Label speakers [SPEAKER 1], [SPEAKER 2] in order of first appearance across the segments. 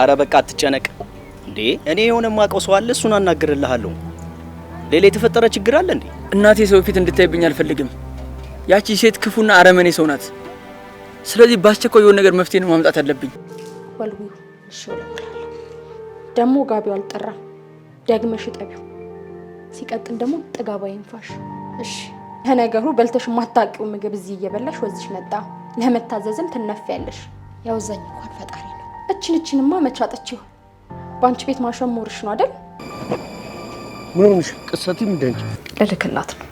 [SPEAKER 1] አረ በቃ አትጨነቅ እንዴ። እኔ የሆነ ማቀው ሰው አለ፣ እሱን አናግርልሃለሁ። ሌላ የተፈጠረ ችግር አለ እንዴ?
[SPEAKER 2] እናቴ ሰው ፊት እንድታይብኝ አልፈልግም። ያቺ ሴት ክፉና አረመኔ ሰው ናት። ስለዚህ በአስቸኳይ የሆነ ነገር መፍትሄ ነው ማምጣት አለብኝ።
[SPEAKER 3] ወልጉ ደግሞ ጋቢው አልጠራም። ደግመሽ ጠቢው። ሲቀጥል ደግሞ ጥጋባ ይንፋሽ። እሺ ለነገሩ በልተሽ ማጣቂው ምግብ እዚህ እየበላሽ ወዝሽ መጣ። ለመታዘዝም ትነፊያለሽ። ያውዛኝ እንኳን ፈጣሪ እችን እችንማ መቻጠችው በአንቺ ቤት ሞርሽ ነው አይደል?
[SPEAKER 4] ምን ሆነሽ? ቅሰቲ ምንድን
[SPEAKER 5] ልልክላት ነው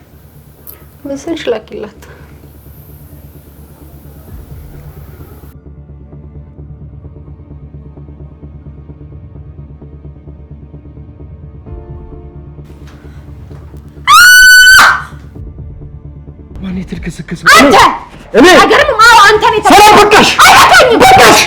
[SPEAKER 3] በስንሽ ላኪላት።
[SPEAKER 4] ማን የተልከሰከሰ? አንተ እኔ
[SPEAKER 3] አገርም አዎ አንተ ነው።
[SPEAKER 4] ሰላም በቃሽ፣ በቃሽ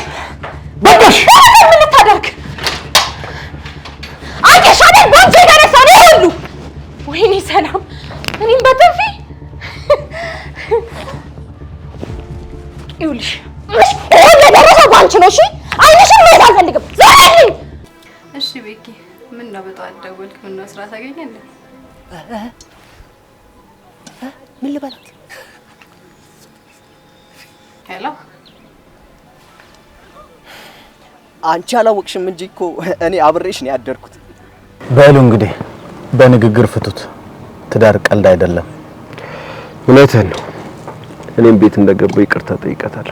[SPEAKER 3] ይኸውልሽ ይሄን የደረሰው ባንቺ ነው። እሺ አይንሽን ማየት አልፈልግም።
[SPEAKER 5] እሺ ቤኪ፣ ምነው በጠዋት ደወልክ? ምነው ስራ ታገኛለህ? ምን ልበላት? ሄሎ
[SPEAKER 1] አንቺ አላወቅሽም እንጂ እኮ እኔ አብሬሽ ነው ያደርኩት።
[SPEAKER 4] በሉ እንግዲህ በንግግር ፍቱት። ትዳር ቀልድ አይደለም፣ እውነትህን ነው። እኔም ቤት እንደገባ ይቅርታ ጠይቀታል።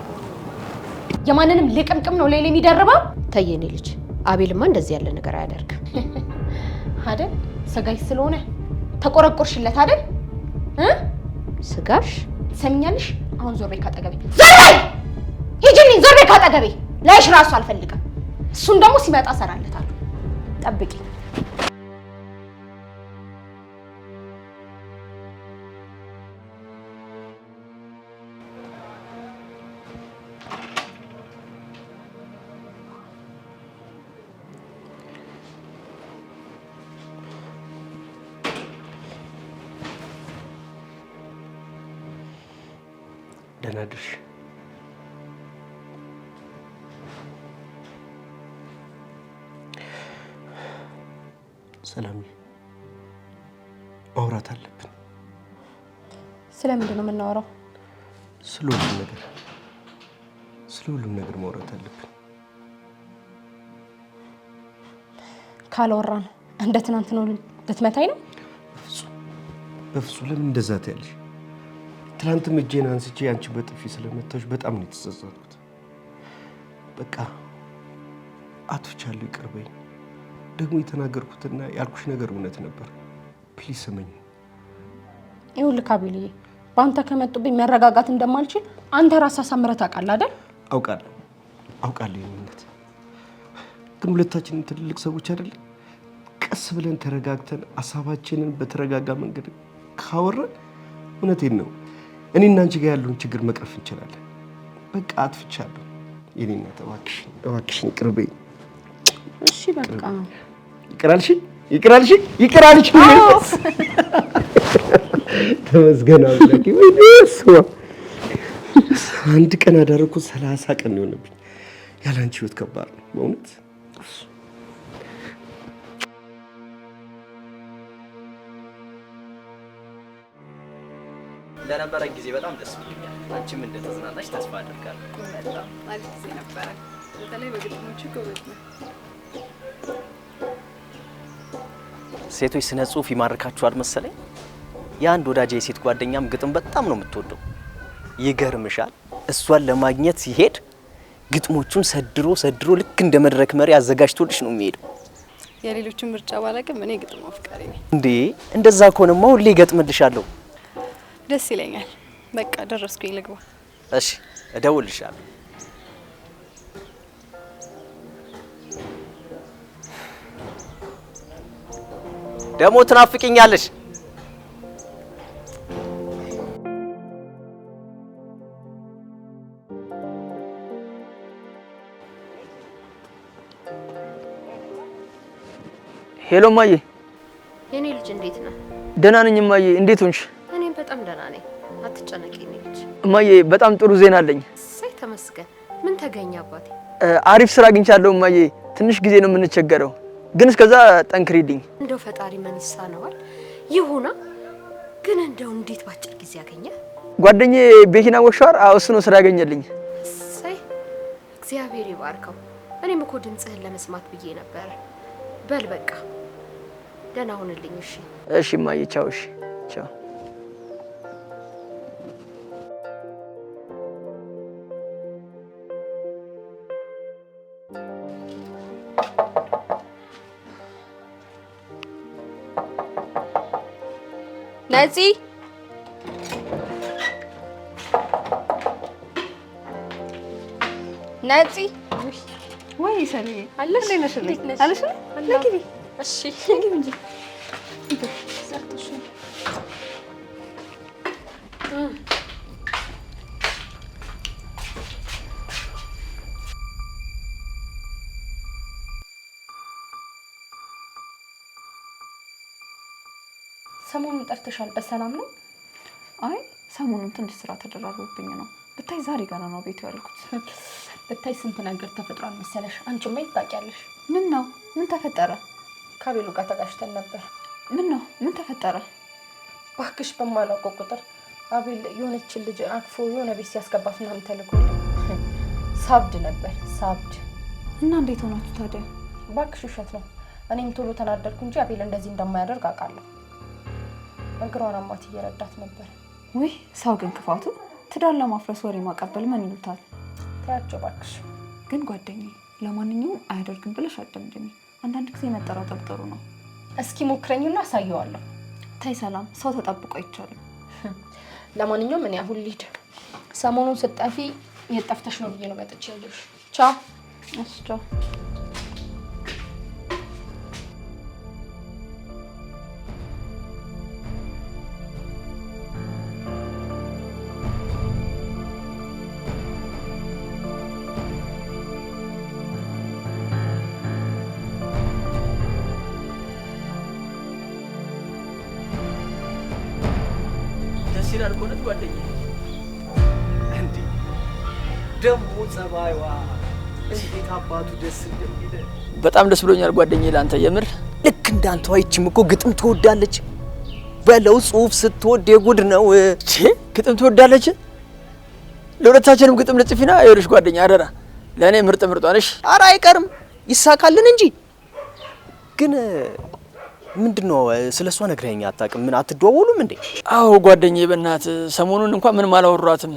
[SPEAKER 3] የማንንም ልቅምቅም ነው ሌላ የሚደርበው።
[SPEAKER 5] ተየኔ ልጅ አቤልማ እንደዚህ ያለ ነገር አያደርግም
[SPEAKER 3] አይደል? ስጋሽ ስለሆነ ተቆረቆርሽለት አይደል? ስጋሽ ሰምኛልሽ። አሁን ዞር በይ ካጠገቤ፣ ዞር በይ ሂጂልኝ፣ ዞር በይ ካጠገቤ። ላይሽ ራሱ አልፈልግም። እሱን ደግሞ ሲመጣ እሰራለታለሁ። ጠብቂ
[SPEAKER 4] ደህና አድርሽ። ሰላም፣ ማውራት አለብን።
[SPEAKER 3] ስለምንድን ነው የምናወራው?
[SPEAKER 4] ስለ ሁሉም ነገር፣ ስለ ሁሉም ነገር ማውራት አለብን።
[SPEAKER 3] ካላወራን እንደ ትናንት ነው ልትመታኝ ነው።
[SPEAKER 4] በፍጹም በፍጹም። ለምን እንደዛ ትያለሽ? ትናንትም እጄን አንስቼ አንቺ በጥፊ ስለመታሽ በጣም ነው የተጸጸትኩት። በቃ አቶቻለሁ፣ ይቅር በይኝ። ደግሞ የተናገርኩትና ያልኩሽ ነገር እውነት ነበር። ፕሊስ ስመኝ።
[SPEAKER 3] ይኸውልህ ካቢልዬ፣ በአንተ ከመጡብኝ መረጋጋት እንደማልችል አንተ ራስህ አሳምረህ ታውቃለህ አይደል?
[SPEAKER 4] አውቃለሁ፣ አውቃለሁ። የእውነት ግን ሁለታችንም ትልልቅ ሰዎች አይደለም። ቀስ ብለን ተረጋግተን ሀሳባችንን በተረጋጋ መንገድ ካወረን እውነቴን ነው እኔ እና አንቺ ጋር ያለውን ችግር መቅረፍ እንችላለን። በቃ አጥፍቻለሁ። የኔ እናት እባክሽ እባክሽን ይቅር እሺ በቃ ይቅራልሽ ይቅራልሽ ይቅራልሽ። ተመስገን አምላኬ። አንድ ቀን አዳር እኮ ሰላሳ ቀን የሆነብኝ ያለ አንቺ ህይወት ከባድ ነው በእውነት
[SPEAKER 1] ለነበረን ጊዜ በጣም ደስ ብሎኛል። አንቺም እንደተዝናናሽ ተስፋ አድርጋለሁ።
[SPEAKER 5] በጣም ጊዜ ነበረ። በተለይ በግጥሞቹ ጎበዝ
[SPEAKER 1] ሴቶች ስነ ጽሁፍ ይማርካችኋል መሰለኝ። የአንድ ወዳጅ የሴት ጓደኛም ግጥም በጣም ነው የምትወደው። ይገርምሻል፣ እሷን ለማግኘት ሲሄድ ግጥሞቹን ሰድሮ ሰድሮ ልክ እንደ መድረክ መሪ አዘጋጅቶልሽ ነው የሚሄደው።
[SPEAKER 5] የሌሎቹን ምርጫ ባላቅም እኔ ግጥም አፍቃሪ ነኝ።
[SPEAKER 1] እንዴ! እንደዛ ከሆነማ ሁሌ ገጥምልሻለሁ።
[SPEAKER 5] ደስ ይለኛል። በቃ ደረስኩኝ፣ ልግባ።
[SPEAKER 1] እሺ፣ እደውልልሻለሁ። ደግሞ ትናፍቅኛለሽ።
[SPEAKER 2] ሄሎ እማዬ፣
[SPEAKER 5] የኔ ልጅ እንዴት ነው
[SPEAKER 2] ደህና ነኝ ማዬ፣ እንዴት ሆንሽ?
[SPEAKER 5] በጣም ደህና ነኝ። አትጨነቂ
[SPEAKER 2] እማዬ በጣም ጥሩ ዜና አለኝ።
[SPEAKER 5] እሰይ ተመስገን። ምን ተገኘ አባቴ?
[SPEAKER 2] አሪፍ ስራ አግኝቻለሁ እማዬ። ትንሽ ጊዜ ነው የምንቸገረው፣ ግን እስከዛ ጠንክሪልኝ።
[SPEAKER 5] እንደው ፈጣሪ ምን ይሳነዋል። ይሁና ግን እንደው እንዴት ባጭር ጊዜ አገኘ?
[SPEAKER 2] ጓደኛዬ ቤኪና ወሻር እሱ ነው ስራ ያገኘልኝ።
[SPEAKER 5] እሰይ እግዚአብሔር ይባርከው። እኔም እኮ ድምፅህን ለመስማት ብዬ ነበር። በል በቃ ደህና ሁንልኝ። እሺ
[SPEAKER 2] እሺ እማዬ ቻው። እሺ ቻው
[SPEAKER 5] ነፂ ነፂ
[SPEAKER 3] ወይ ሰኒ አለሽ ይሻል። በሰላም ነው?
[SPEAKER 5] አይ ሰሞኑን ትንሽ ስራ ተደራርቦብኝ ነው። ብታይ ዛሬ ገና ነው ቤት ያልኩት።
[SPEAKER 3] ብታይ ስንት ነገር ተፈጥሯል መሰለሽ። አንቺማ የት ታውቂያለሽ?
[SPEAKER 5] ምን ነው? ምን ተፈጠረ?
[SPEAKER 3] ከቤሉ ጋር ተጋጭተን ነበር።
[SPEAKER 5] ምን ነው? ምን ተፈጠረ?
[SPEAKER 3] እባክሽ በማላውቀው ቁጥር አቤል የሆነችን ልጅ አቅፎ የሆነ ቤት ሲያስገባት ምናምን ተልኮልኝ ሳብድ ነበር ሳብድ።
[SPEAKER 5] እና እንዴት ሆናችሁ ታዲያ?
[SPEAKER 3] እባክሽ ውሸት ነው። እኔም ቶሎ ተናደድኩ እንጂ አቤል እንደዚህ እንደማያደርግ አውቃለሁ። እግሯን አሟት እየረዳት ነበር።
[SPEAKER 5] ውይ ሰው ግን ክፋቱ ትዳር ለማፍረስ ወሬ ማቀበል ምን ይሉታል?
[SPEAKER 3] ታያቸው እባክሽ።
[SPEAKER 5] ግን ጓደኝ ለማንኛውም አያደርግም ብለሽ አትደምድሚ። አንዳንድ ጊዜ መጠራጠር ጥሩ ነው።
[SPEAKER 3] እስኪ ሞክረኝና አሳየዋለሁ።
[SPEAKER 5] ተይ ሰላም፣ ሰው ተጠብቆ አይቻልም።
[SPEAKER 3] ለማንኛውም እኔ አሁን ልሂድ። ሰሞኑን ስጠፊ የት ነው ብዬ ነው መጥቼ ያለሽ። ቻው።
[SPEAKER 5] እሺ ቻው።
[SPEAKER 1] ደግሞ ጸባይዋ እንዴት አባቱ ደስ እንደሚለ
[SPEAKER 2] በጣም ደስ ብሎኛል ጓደኛዬ። ለአንተ የምር
[SPEAKER 1] ልክ እንዳንተ ይችም እኮ ግጥም ትወዳለች በለው ጽሁፍ ስትወድ የጉድ ነው።
[SPEAKER 2] ግጥም ትወዳለች። ለሁለታችንም ግጥም ልጽፊና ይኸውልሽ ጓደኛ አደራ ለእኔ ምርጥ ምርጧንሽ።
[SPEAKER 1] አረ አይቀርም ይሳካልን እንጂ ግን ምንድን ነው ስለ እሷ ነግረኸኝ አታውቅም? ምን አትደዋወሉም እንዴ?
[SPEAKER 2] አዎ ጓደኛዬ፣ በእናትህ ሰሞኑን እንኳን ምንም አላወሯትም።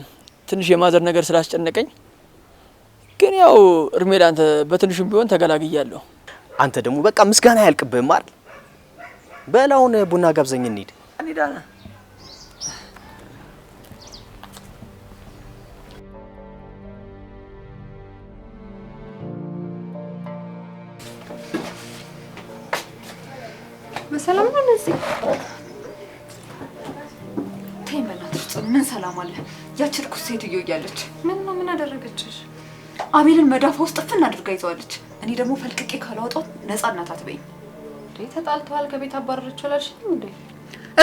[SPEAKER 2] ትንሽ የማዘር ነገር ስላስጨነቀኝ ግን ያው እድሜ ለአንተ በትንሹም ቢሆን ተገላግያለሁ።
[SPEAKER 1] አንተ ደግሞ በቃ ምስጋና ያልቅብህም አይደል? በላውን ቡና ጋብዘኝ እንሂድ።
[SPEAKER 5] በሰላም ነው እዚህ እነዚህ ምን ሰላም አለ? ያች እርኩስ ሴትዮ እያለች
[SPEAKER 3] ምን ነው ምን አደረገችሽ?
[SPEAKER 5] አቤልን መዳፋ ውስጥ ጥፍን አድርጋ ይዘዋለች። እኔ ደግሞ ፈልቅቄ ካላወጣው ነፃ እናት አትበይኝ።
[SPEAKER 3] እንዴ ተጣልተዋል፣ ከቤት አባረረችው አላልሽ እንዴ?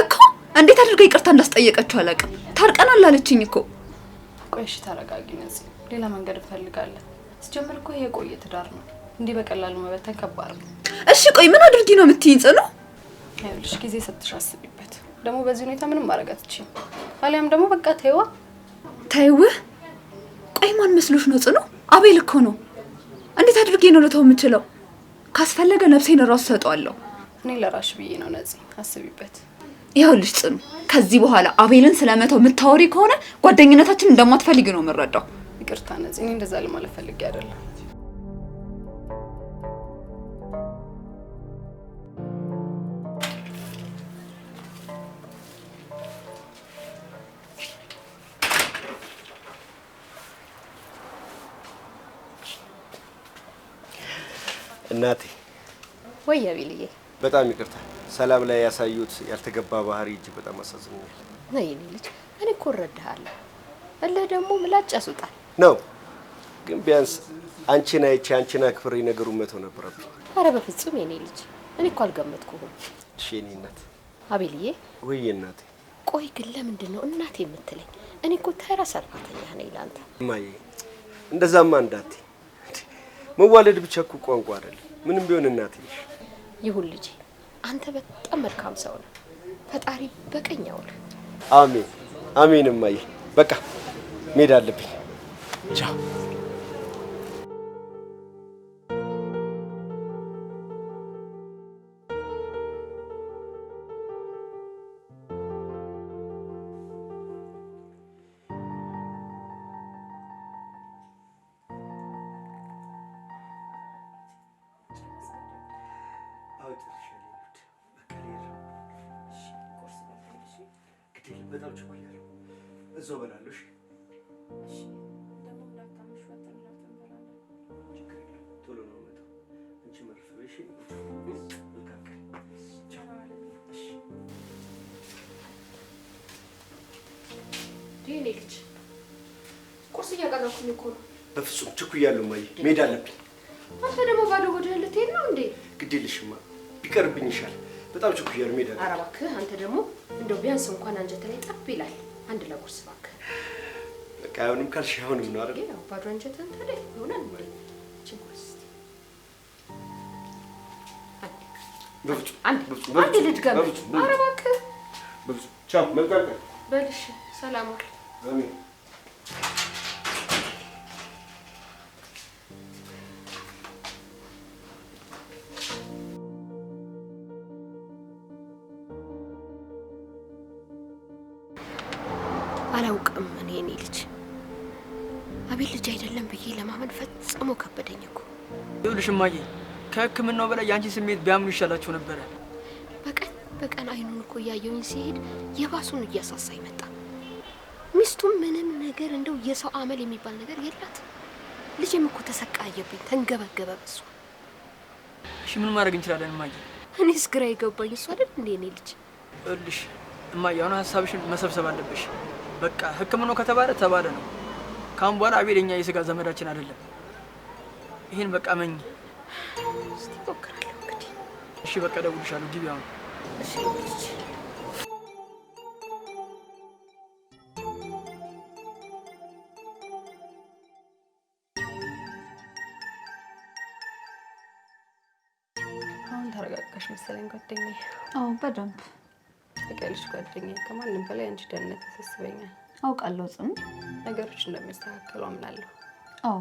[SPEAKER 5] እኮ እንዴት አድርጋ ይቅርታ እንዳስጠየቀችው አላውቅም። ታርቀናል አለችኝ እኮ።
[SPEAKER 3] ቆይ እሺ ተረጋጊ ነፂ፣ ሌላ መንገድ እንፈልጋለን። ስጀምር እኮ የቆየ ትዳር ነው፣ እንዲህ በቀላሉ መበተን ከባድ ነው።
[SPEAKER 5] እሺ ቆይ ምን አድርጊ ነው የምትይኝ? ጽኑ
[SPEAKER 3] ይኸውልሽ ጊዜ ሰጥተሽ አስቢበት። ደግሞ በዚህ ሁኔታ ምንም ማረጋት ይችላል። አሊያም ደግሞ በቃ ተይዋ
[SPEAKER 5] ብታይውህ ቆይ ማን መስሎሽ ነው? ጽኑ አቤል እኮ ነው። እንዴት አድርጌ ነው ልተው የምችለው? ካስፈለገ ነፍሴን ራሱ ሰጠዋለሁ።
[SPEAKER 3] እኔ ለራሽ ብዬ ነው ነፂ፣ አስቢበት።
[SPEAKER 5] ይኸውልሽ ጽኑ፣ ከዚህ በኋላ አቤልን ስለመተው የምታወሪ ከሆነ ጓደኝነታችን እንደማትፈልጊ ነው የምረዳው።
[SPEAKER 3] ይቅርታ ነፂ፣ እኔ እንደዛ ለማለት ፈልጌ አይደለም።
[SPEAKER 4] እናቴ ወይ አቤልዬ፣ በጣም ይቅርታ። ሰላም ላይ ያሳዩት ያልተገባ ባህሪ እጅግ በጣም አሳዝኖኛል።
[SPEAKER 5] ነይ የኔ ልጅ፣ እኔ እኮ እረዳሃለሁ። እልህ ደግሞ ምላጭ ያስወጣል
[SPEAKER 4] ነው። ግን ቢያንስ አንቺን አይቼ አንቺን አክብሬ ነገሩን መተው ነበረብኝ።
[SPEAKER 5] አረ በፍጹም የኔ ልጅ፣ እኔ እኮ አልገመትኩህም።
[SPEAKER 4] እሺ የኔ እናት። አቤልዬ፣ ወይ እናቴ።
[SPEAKER 5] ቆይ ግን ለምንድን ነው እናቴ የምትለኝ? እኔ እኮ ተራ ሰራተኛ ነኝ ላንተ።
[SPEAKER 4] እማዬ፣ እንደዛማ እንዳቴ መዋለድ ብቻ እኮ ቋንቋ አይደለም። ምንም ቢሆን እናት ነሽ።
[SPEAKER 5] ይሁን ልጄ፣ አንተ በጣም መልካም ሰው ነው። ፈጣሪ በቀኝ አውል።
[SPEAKER 4] አሜን አሜን። እማዬ፣ በቃ መሄድ አለብኝ። ቻው በጣም ቸኩያለሁ። እዛው እበላለሁ።
[SPEAKER 5] እሺ ደግሞ እንዳታመሽ ወጥተን እንበላለን።
[SPEAKER 4] ችግር የለም። ቶሎ ነው የምመጣው። አንቺ መርፍሽ
[SPEAKER 5] ልጅ ቁርስ እያቀረብኩኝ እኮ ነው።
[SPEAKER 4] በፍጹም ቸኩያለሁ። እማዬ መሄድ አለብኝ።
[SPEAKER 5] አንተ ደግሞ ባዶ ወደ ልትሄድ ነው እንዴ?
[SPEAKER 4] ቢቀርብኝ ይሻል። በጣም ችኩ ነው የምሄደው።
[SPEAKER 5] ኧረ እባክህ አንተ ደግሞ እንደው ቢያንስ እንኳን አንጀት ላይ ጠብ ይላል። አንድ ለቁርስ እባክህ።
[SPEAKER 4] በቃ አይሆንም ካልሽ አይሆንም ነው አይደል?
[SPEAKER 5] ያው ባዶ አንጀትን ታዲያ ይሆናል ማለት አንድ አንድ ልድገም። ኧረ እባክህ
[SPEAKER 4] ቻው። መልካም ቀን
[SPEAKER 5] በልሽ። ሰላም
[SPEAKER 4] አሜን
[SPEAKER 2] እማዬ፣ ከህክምናው በላይ የአንቺ ስሜት ቢያምኑ ይሻላቸው ነበረ።
[SPEAKER 5] በቀን በቀን አይኑን እኮ እያየውኝ ሲሄድ የባሱን እያሳሳ ይመጣ። ሚስቱም ምንም ነገር እንደው የሰው አመል የሚባል ነገር የላት። ልጅም እኮ ተሰቃየብኝ፣ ተንገበገበ በሷ።
[SPEAKER 2] እሺ ምን ማድረግ እንችላለን እማዬ?
[SPEAKER 5] እኔስ ግራ የገባኝ እሱ አይደል እንዴ እኔ ልጅ
[SPEAKER 2] እልሽ እማዬ፣ አሁን ሀሳብሽን መሰብሰብ አለብሽ። በቃ ሕክምናው ከተባለ ተባለ ነው። ካሁን በኋላ አቤል የኛ የስጋ ዘመዳችን አይደለም። ይህን በቃ መኝ
[SPEAKER 5] እስቲ እሞክራለሁ እንግዲህ።
[SPEAKER 2] እሺ በቃ እደውልልሻለሁ። ግቢ አሁን።
[SPEAKER 5] እሺ
[SPEAKER 3] አሁን ተረጋጋሽ መሰለኝ ጓደኛዬ። አዎ በደንብ ታውቂያለሽ ጓደኛዬ፣ ከማንም በላይ አንቺ ደህንነት ያሳስበኛል።
[SPEAKER 5] አውቃለሁ ጽም
[SPEAKER 3] ነገሮች እንደሚስተካከሉ አምናለሁ።
[SPEAKER 5] አዎ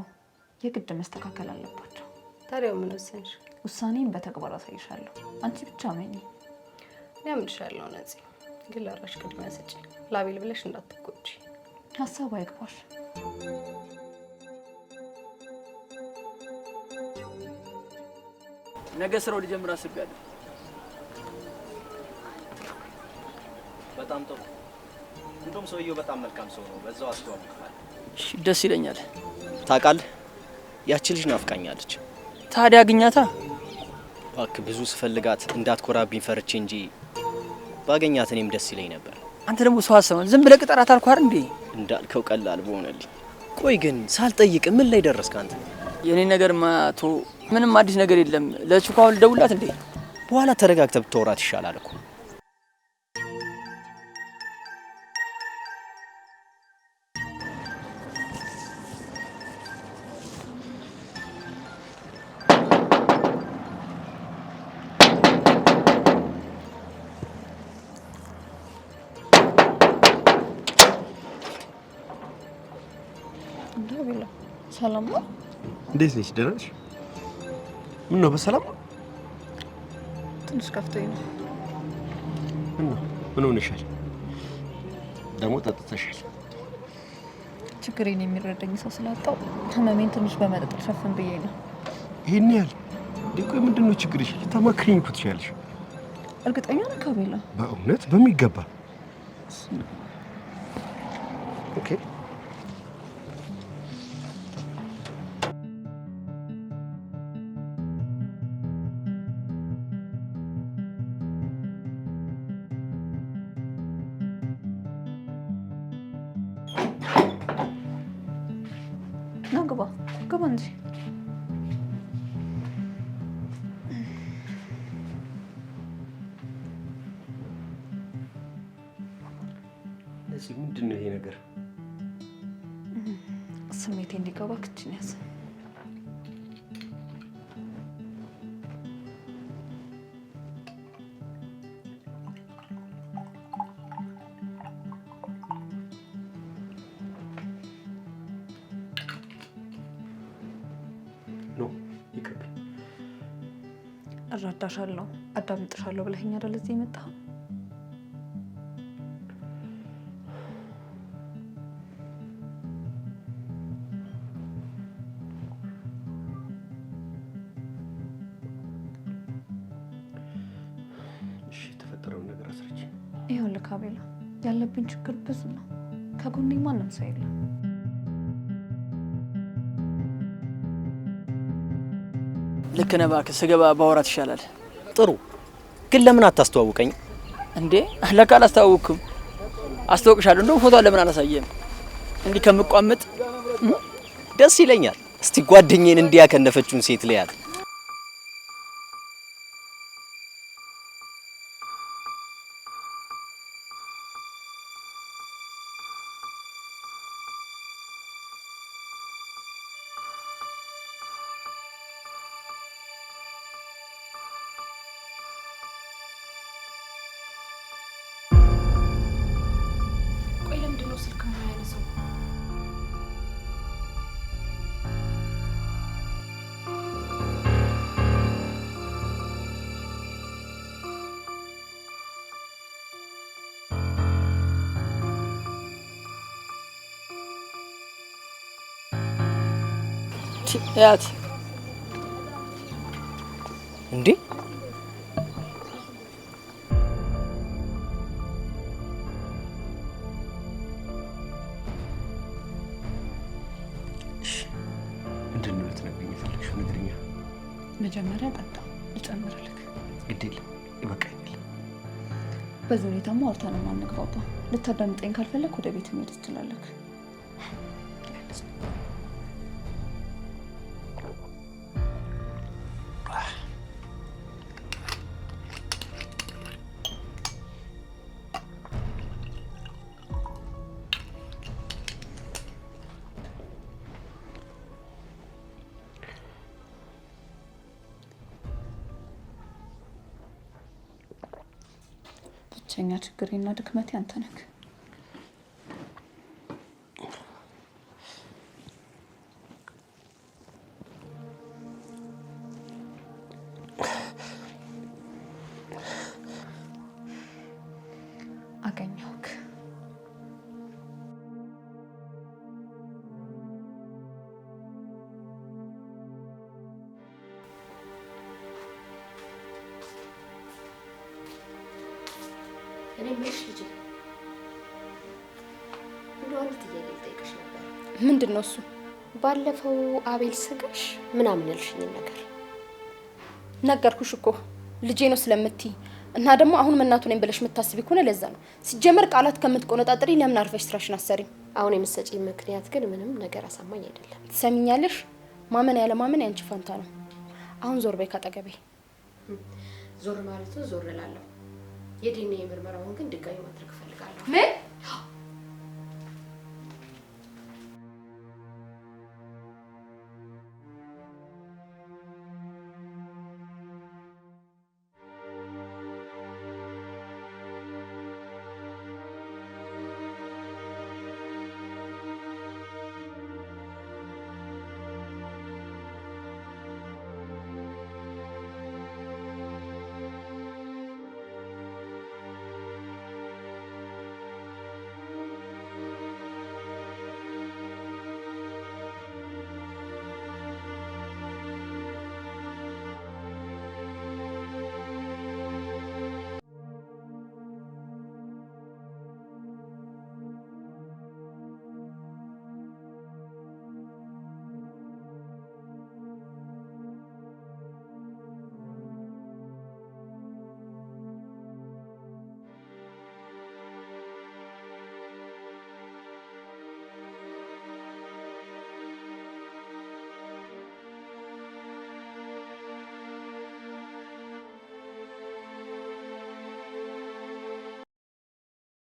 [SPEAKER 5] የግድ መስተካከል አለባቸው።
[SPEAKER 3] ታዲያ ምን ወሰንሽ?
[SPEAKER 5] ውሳኔን በተግባር አሳይሻለሁ። አንቺ ብቻ መኝ
[SPEAKER 3] ያምንሻለሁ። ነፂ ግን ለራሽ ቅድሚያ ስጪ። ላቤል ብለሽ እንዳትጎጂ።
[SPEAKER 5] ሀሳቡ አይግባሽ።
[SPEAKER 2] ነገ ስራው ሊጀምር አስቤያለሁ። በጣም ጥሩ። እንደውም ሰውየው በጣም መልካም ሰው ነው። በዛው አስተዋውቃለሁ። ደስ ይለኛል።
[SPEAKER 1] ታውቃለህ፣ ያቺ ልጅ ናፍቃኛለች።
[SPEAKER 2] ታዲያ አግኛታ።
[SPEAKER 1] እባክህ ብዙ ስፈልጋት እንዳትኮራብኝ ፈርቼ እንጂ ባገኛት እኔም ደስ ይለኝ ነበር።
[SPEAKER 2] አንተ ደግሞ ሰው አሰማል ዝም ብለህ ቅጠራት አልኳር እንዴ?
[SPEAKER 1] እንዳልከው ቀላል በሆነልኝ። ቆይ ግን ሳልጠይቅ ምን ላይ ደረስክ አንተ?
[SPEAKER 2] የኔ ነገር ማቶ ምንም አዲስ ነገር የለም። ለችኳውን ልደውላት እንዴ?
[SPEAKER 1] በኋላ ተረጋግተህ ብታወራት ይሻላል እኮ
[SPEAKER 5] ሰላም ነው?
[SPEAKER 4] እንዴት ነሽ? ደህና ነሽ? ምን ነው በሰላም
[SPEAKER 5] ትንሽ ከፍቶኝ ነው።
[SPEAKER 4] ምን ነው? ምን ሆነሻል? ደግሞ ጠጥተሻል።
[SPEAKER 5] ችግሬን የሚረዳኝ ሰው ስላጣው ህመሜን ትንሽ በመጠጥ ልሸፍን ብዬ ነው።
[SPEAKER 4] ይህን ያህል ዲቆ ምንድን ነው ችግርሽ? ልታማክሪኝ እኮ ትችያለሽ።
[SPEAKER 5] እርግጠኛ ነህ ካቤላ?
[SPEAKER 4] በእውነት በሚገባ ኦኬ እንደዚህ ምንድን ነው ይሄ ነገር?
[SPEAKER 5] ስሜቴ እንዲገባ ክችን ያዘ። እረዳሻለሁ፣ አዳምጥሻለሁ ብለኸኝ አይደል እዚህ የመጣኸው? ይኸውልህ ካቤላ፣ ያለብኝ ችግር ብዙ ነው። ከጎኔ ማንም ሰው የለም።
[SPEAKER 2] ልክ ነህ። እባክህ ስገባ ባወራት ይሻላል።
[SPEAKER 1] ጥሩ ግን ለምን አታስተዋውቀኝ?
[SPEAKER 2] እንዴ ለካ አላስተዋውቅም። አስተዋውቅሻለሁ። እንደው ፎቶ ለምን አላሳየም? እንዲህ ከምቋምጥ
[SPEAKER 1] ደስ ይለኛል። እስቲ ጓደኛዬን እንዲያ ሴት ልያት ያት እንዴ
[SPEAKER 5] መጀመሪያ ጠጣ ይጨምርልክ።
[SPEAKER 4] ግድል ይበቃኛል።
[SPEAKER 5] በዚህ ሁኔታማ አውርተን ማንግባባ። ልታዳምጠኝ ካልፈለግ ወደ ቤት መሄድ ትችላለህ። ብቸኛ ችግሬና ድክመቴ አንተ ነህ። እኔ ምንሽ ልጅ እንደ አንድ ጥያቄ ልጠይቅሽ ነበር። ምንድን ነው እሱ? ባለፈው አቤል ስጋሽ ምናምን ያልሽኝን ነገር ነገርኩሽ እኮ ልጄ ነው ስለምትይ እና ደግሞ አሁንም እናቱ ነኝ ብለሽ የምታስቢ ከሆነ ለዛ ነው። ሲጀመር ቃላት ከምትቆነጣጥሪ ለምን አርፈሽ ስራሽን አሰሪም። አሁን የምትሰጪኝ ምክንያት ግን ምንም ነገር አሳማኝ አይደለም። ትሰሚኛለሽ? ማመን ያለ ማመን ያንቺ ፋንታ ነው። አሁን ዞር በይ ካጠገቤ። ዞር ማለት ዞር እላለሁ የዲኤንኤ ምርመራውን ግን ድጋሚ ማድረግ እፈልጋለሁ። ምን